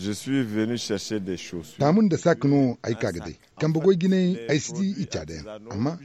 Je suis venu chercher des choses. Tamun da sakno aika kagade. Kan bugo gine ICD ita da amma